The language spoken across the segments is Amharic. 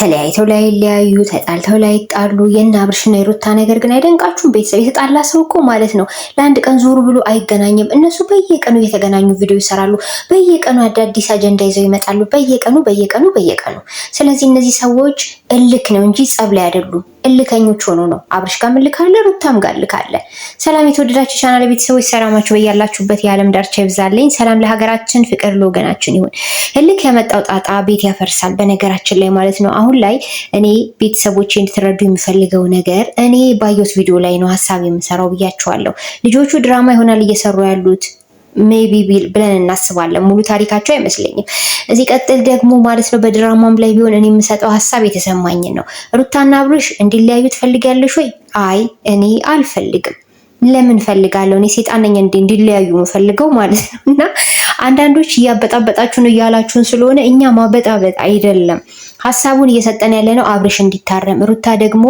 ተለያይተው ላይ ሊያዩ ተጣልተው ላይ ይጣሉ። የእነ አብርሽና የሩታ ነገር ግን አይደንቃችሁም? ቤተሰብ የተጣላ ሰው እኮ ማለት ነው ለአንድ ቀን ዞሩ ብሎ አይገናኝም። እነሱ በየቀኑ እየተገናኙ ቪዲዮ ይሰራሉ። በየቀኑ አዳዲስ አጀንዳ ይዘው ይመጣሉ። በየቀኑ በየቀኑ በየቀኑ። ስለዚህ እነዚህ ሰዎች እልክ ነው እንጂ ጸብ ላይ አይደሉም። እልከኞች ሆኖ ነው አብርሽ ጋር ምልካለ ሩታም ጋር ልካለ ሰላም የተወደዳችሁ ቻናል ቤተሰቦች ሰላማችሁ በያላችሁበት የዓለም ዳርቻ ይብዛልኝ። ሰላም ለሀገራችን፣ ፍቅር ለወገናችን ይሁን። እልክ ያመጣው ጣጣ ቤት ያፈርሳል፣ በነገራችን ላይ ማለት ነው። አሁን ላይ እኔ ቤተሰቦች እንድትረዱ የምፈልገው ነገር እኔ ባየሁት ቪዲዮ ላይ ነው ሀሳብ የምሰራው ብያችኋለሁ። ልጆቹ ድራማ ይሆናል እየሰሩ ያሉት ሜቢ ብለን እናስባለን። ሙሉ ታሪካቸው አይመስለኝም። እዚህ ቀጥል ደግሞ ማለት ነው በድራማም ላይ ቢሆን እኔ የምሰጠው ሀሳብ የተሰማኝን ነው። ሩታና አብርሽ እንዲለያዩ ትፈልጊያለሽ ወይ? አይ እኔ አልፈልግም። ለምን ፈልጋለሁ? እኔ ሴጣን ነኝ እንዴ እንዲለያዩ የምፈልገው ማለት ነው። እና አንዳንዶች እያበጣበጣችሁ ነው እያላችሁን ስለሆነ እኛ ማበጣበጥ አይደለም ሀሳቡን እየሰጠን ያለ ነው። አብርሽ እንዲታረም ሩታ ደግሞ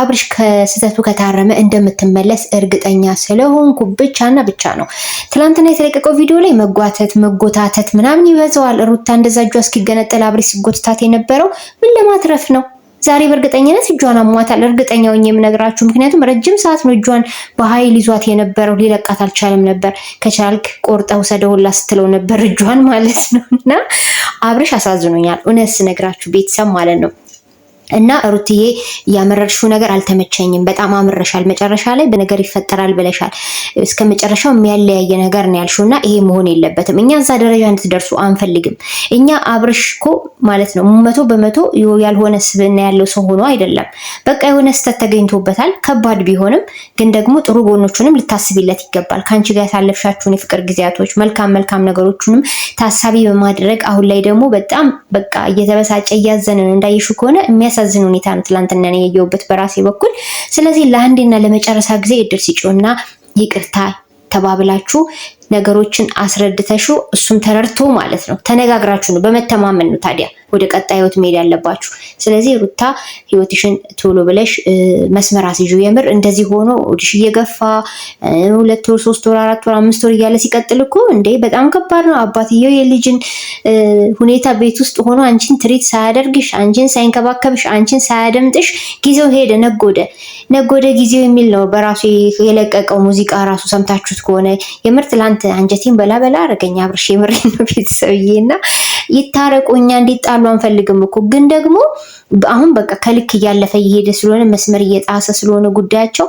አብርሽ ከስህተቱ ከታረመ እንደምትመለስ እርግጠኛ ስለሆንኩ ብቻና ብቻ ነው። ትናንትና የተለቀቀው ቪዲዮ ላይ መጓተት፣ መጎታተት ምናምን ይበዛዋል። ሩታ እንደዛ እጇ እስኪገነጠል አብርሽ ሲጎትታት የነበረው ምን ለማትረፍ ነው? ዛሬ በእርግጠኝነት እጇን አሟታል። እርግጠኛ ሆኜ የምነግራችሁ ምክንያቱም ረጅም ሰዓት ነው እጇን በኃይል ይዟት የነበረው። ሊለቃት አልቻለም ነበር። ከቻልክ ቆርጠው ሰደውላ ስትለው ነበር እጇን ማለት ነው። እና አብርሽ አሳዝኖኛል፣ እውነት ስነግራችሁ ቤተሰብ ማለት ነው። እና ሩትዬ ያመረርሽው ነገር አልተመቸኝም። በጣም አምረሻል። መጨረሻ ላይ በነገር ይፈጠራል ብለሻል። እስከ መጨረሻው የሚያለያየ ነገር ነው ያልሽው እና ይሄ መሆን የለበትም። እኛ እዛ ደረጃ እንድትደርሱ አንፈልግም። እኛ አብርሽ እኮ ማለት ነው መቶ በመቶ ያልሆነ ስብዕና ያለው ሰው ሆኖ አይደለም። በቃ የሆነ ስህተት ተገኝቶበታል። ከባድ ቢሆንም ግን ደግሞ ጥሩ ጎኖቹንም ልታስቢለት ይገባል። ከአንቺ ጋር ያሳለፍሻችሁን የፍቅር ጊዜያቶች፣ መልካም መልካም ነገሮቹንም ታሳቢ በማድረግ አሁን ላይ ደግሞ በጣም በቃ እየተበሳጨ እያዘነ እንዳየሹ ከሆነ የሚያስ በሚያሳዝን ሁኔታ ነው ትላንትና ነው የየውበት በራሴ በኩል። ስለዚህ ለአንድና ለመጨረሻ ጊዜ እድል ሲጮና ይቅርታ ተባብላችሁ ነገሮችን አስረድተሹ እሱም ተረድቶ ማለት ነው። ተነጋግራችሁ ነው፣ በመተማመን ነው። ታዲያ ወደ ቀጣይ ህይወት መሄድ ያለባችሁ። ስለዚህ ሩታ ህይወትሽን ቶሎ ብለሽ መስመር አስይዙ። የምር እንደዚህ ሆኖ ወዲሽ እየገፋ ሁለት ወር፣ ሶስት ወር፣ አራት ወር፣ አምስት ወር እያለ ሲቀጥል እኮ እንዴ በጣም ከባድ ነው። አባትየው የልጅን ሁኔታ ቤት ውስጥ ሆኖ አንቺን ትሪት ሳያደርግሽ፣ አንቺን ሳይንከባከብሽ፣ አንቺን ሳያደምጥሽ ጊዜው ሄደ፣ ነጎደ ነጎደ ጊዜው የሚል ነው በራሱ የለቀቀው ሙዚቃ ራሱ ሰምታችሁ የምትወስዱት ከሆነ የምር ትላንት አንጀቴን በላ በላ አረገኝ አብርሽ። የምር ነው ቤተሰብዬ። እና ይታረቁ፣ እኛ እንዲጣሉ አንፈልግም እኮ ግን ደግሞ አሁን በቃ ከልክ እያለፈ እየሄደ ስለሆነ መስመር እየጣሰ ስለሆነ ጉዳያቸው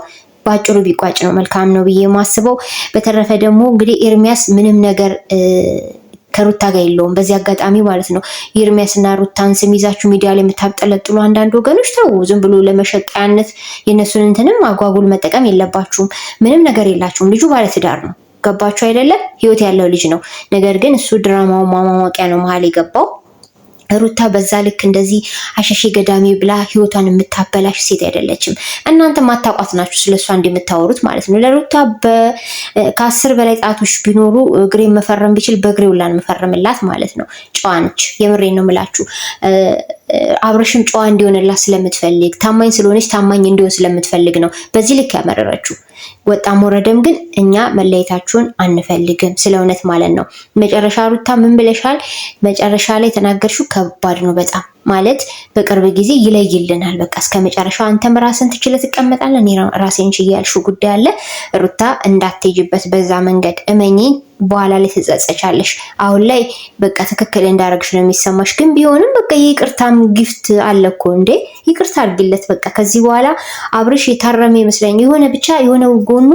ባጭሩ ቢቋጭ ነው መልካም ነው ብዬ የማስበው። በተረፈ ደግሞ እንግዲህ ኤርሚያስ ምንም ነገር ከሩታ ጋር የለውም። በዚህ አጋጣሚ ማለት ነው ኤርሚያስና ሩታን ስም ይዛችሁ ሚዲያ ላይ የምታብጠለጥሉ አንዳንድ ወገኖች ተው፣ ዝም ብሎ ለመሸጣያነት የእነሱን እንትንም አጓጉል መጠቀም የለባችሁም። ምንም ነገር የላችሁም። ልጁ ባለትዳር ነው። ገባችሁ አይደለም? ህይወት ያለው ልጅ ነው። ነገር ግን እሱ ድራማው ማማወቂያ ነው መሀል የገባው ሩታ በዛ ልክ እንደዚህ አሸሼ ገዳሜ ብላ ህይወቷን የምታበላሽ ሴት አይደለችም። እናንተ ማታቋት ናችሁ ስለሷ እንደምታወሩት ማለት ነው። ለሩታ ከአስር በላይ ጣቶች ቢኖሩ እግሬ መፈረም ቢችል በእግሬ ውላን መፈረምላት ማለት ነው። ጨዋ ነች። የምሬ ነው የምላችሁ። አብረሽም ጨዋ እንዲሆንላት ስለምትፈልግ ታማኝ ስለሆነች ታማኝ እንዲሆን ስለምትፈልግ ነው በዚህ ልክ ያመረረችው። ወጣም ወረደም ግን እኛ መለየታችሁን አንፈልግም፣ ስለ እውነት ማለት ነው። መጨረሻ ሩታ ምን ብለሻል? መጨረሻ ላይ የተናገርሽው ከባድ ነው በጣም ማለት በቅርብ ጊዜ ይለይልናል። በቃ እስከ መጨረሻው አንተም ራስን ትችለ ትቀመጣለህ፣ እኔ ራሴን ችዬ ያልሽው ጉዳይ አለ ሩታ፣ እንዳትሄጂበት በዛ መንገድ እመኚኝ። በኋላ ላይ ትጸጸቻለሽ። አሁን ላይ በቃ ትክክል እንዳረግሽ ነው የሚሰማሽ። ግን ቢሆንም በቃ የይቅርታም ጊፍት አለ እኮ እንዴ! ይቅርታ አድርግለት በቃ። ከዚህ በኋላ አብርሽ የታረመ ይመስለኝ የሆነ ብቻ የሆነ ጎኑ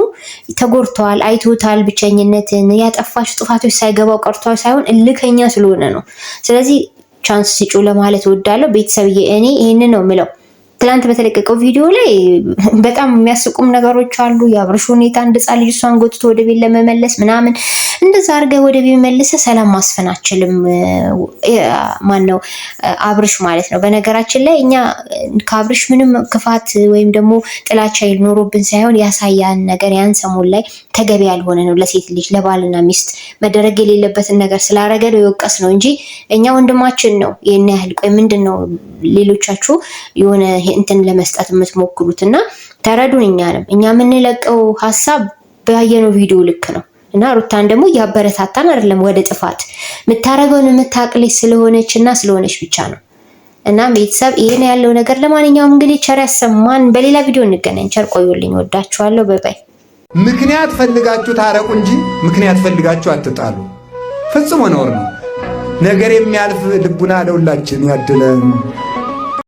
ተጎድተዋል፣ አይቶታል። ብቸኝነትን ያጠፋሽ ጥፋቶች ሳይገባው ቀርቷል ሳይሆን እልከኛ ስለሆነ ነው። ስለዚህ ቻንስ ስጪው ለማለት እወዳለሁ። ቤተሰብዬ እኔ ይህንን ነው የምለው። ትላንት በተለቀቀው ቪዲዮ ላይ በጣም የሚያስቁም ነገሮች አሉ። የአብርሽ ሁኔታ እንደ ህፃን ልጅ እሷን ጎትቶ ወደ ቤት ለመመለስ ምናምን እንደዛ አርገ ወደ ቤት መለሰ ሰላም ማስፈን አችልም። ማን ነው አብርሽ ማለት ነው። በነገራችን ላይ እኛ ከአብርሽ ምንም ክፋት ወይም ደግሞ ጥላቻ ይኖሮብን ሳይሆን ያሳያን ነገር ያን ሰሞን ላይ ተገቢ ያልሆነ ነው። ለሴት ልጅ ለባልና ሚስት መደረግ የሌለበትን ነገር ስላረገ ነው የወቀስ ነው እንጂ እኛ ወንድማችን ነው። ይህን ያህል ቆይ ምንድን ነው ሌሎቻችሁ የሆነ እንትን ለመስጠት የምትሞክሩት እና ተረዱን። እኛንም እኛ የምንለቀው ሀሳብ ባየነው ቪዲዮ ልክ ነው እና ሩታን ደግሞ እያበረታታን አይደለም ወደ ጥፋት የምታረገውን የምታቅልሽ ስለሆነች እና ስለሆነች ብቻ ነው። እና ቤተሰብ ይሄን ያለው ነገር ለማንኛውም እንግዲህ ቸር ያሰማን። በሌላ ቪዲዮ እንገናኝ። ቸር ቆዩልኝ። ወዳችኋለሁ። በባይ ምክንያት ፈልጋችሁ ታረቁ እንጂ ምክንያት ፈልጋችሁ አትጣሉ። ፍጹም ነውር ነው። ነገር የሚያልፍ ልቡና ለሁላችን ያድለን።